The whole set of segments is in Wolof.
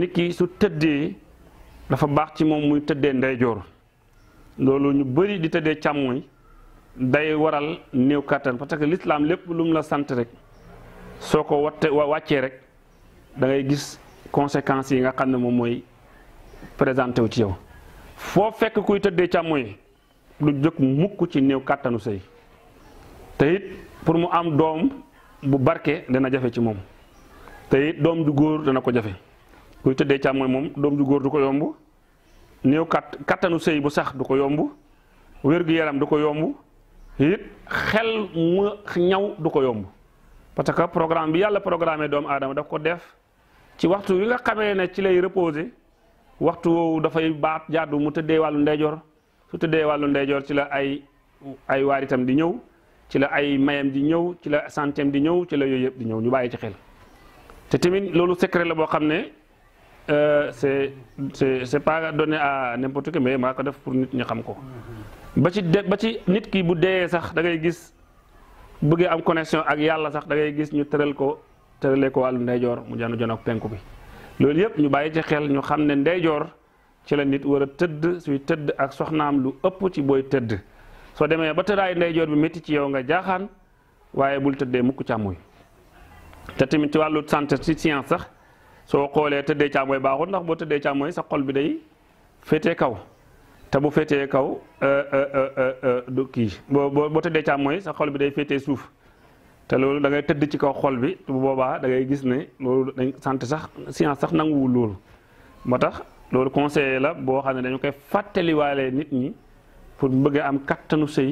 nit ki su tëddee dafa baax ci moom muy tëddee ndeyjoor loolu ñu bëri di tëddee càmmooñ day waral néew kàttan parce que l'islam lépp lu mu la sant rek soo ko wattee wa wàccee rek da ngay gis conséquences yi nga xam ne moom mooy présenté wu ci yow foo fekk kuy tëddee càmmooñ lu jëkk mukk ci néew kàttanu sëy te it pour mu am doom bu barke dana jafe ci moom te it doom du góor dana ko jafe kuy tëddee càmmooñ moom doom ju du ko yomb néew kat kattanu sëy bu sax du ko yomb wér-gu-yaram du ko yomb it xel mu ñaw du ko yomb parce que programme bi yàlla programmé doomu aadama daf ko def ci waxtu wi nga xamee ne ci lay reposé waxtu woowu dafay baat jaadu mu tëddee wàllu ndeyjoor su tëddee wàllu ndeyjoor ci la ay ay waaritam di ñëw ci la ay mayam di ñëw ci la santeem di ñëw ci la yooyu yëpp di ñëw ñu bàyyi ci xel te tamit loolu secret Euh, c'est c'est c'est pas donné à n'importe qui mais maa ko def pour nit ñu xam ko ba ci de ba ci nit ki bu dee sax da ngay gis bëggee am connexion ak yàlla sax da ngay gis ñu tëral ko tëralee ko wàllu ndeyjoor mu janu jon ak penku bi loolu yëpp ñu bàyyi ci xel ñu xam ne ndeyjoor ci la nit war tëdd suy tëdd ak soxnaam lu ëpp ci booy tëdd soo demee ba tëddaay ndeyjoor bi métti ci yow nga jaaxaan waaye bul tëddee mukk càmmoñ te tamit ci wàllu santé ci science sax soo xoolee tëddee càmmooy baaxul ndax boo tëddee càmmooy sa xol bi day féete kaw te bu féetee kaw euh, euh, euh, du kii boo boo tëddee càmmooy sa xol bi day féetee suuf te loolu da ngay tëdd ci kaw xol bi bu boobaa da ngay gis ne loolu dañ sant sax science sax nanguwul loolu moo tax loolu conseiller la boo xam ne dañu koy fàttaliwaale nit ñi pour bëgg am kattanu sëy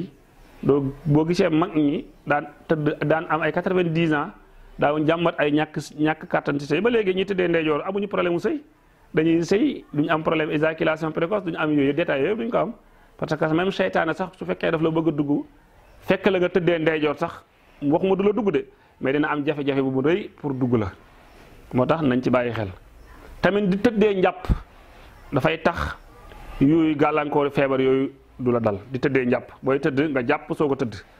doo boo gisee mag ñi daan tëdd daan am ay quatre-vingt-dix ans daaw jàmmat ay ñàkk ñàkk kàttan ci sëy ba léegi ñi tëddee ndeyjoor amuñu problème mu sëy dañuy sëy duñu am problème éjaculation précoce duñu am yooyu détail yooyu duñu ko am parce que même seytaane sax su fekkee daf la bëgg dugg fekk la nga tëddee ndeyjoor sax waxuma du la dugg de mais dina am jafe-jafe bu mu rëy pour dugg la moo tax nañ ci bàyyi xel tamit di tëddee njàpp dafay tax yooyu gàllankoor feebar yooyu du la dal di tëddee njàpp booy tëdd nga jàpp soo ko tëdd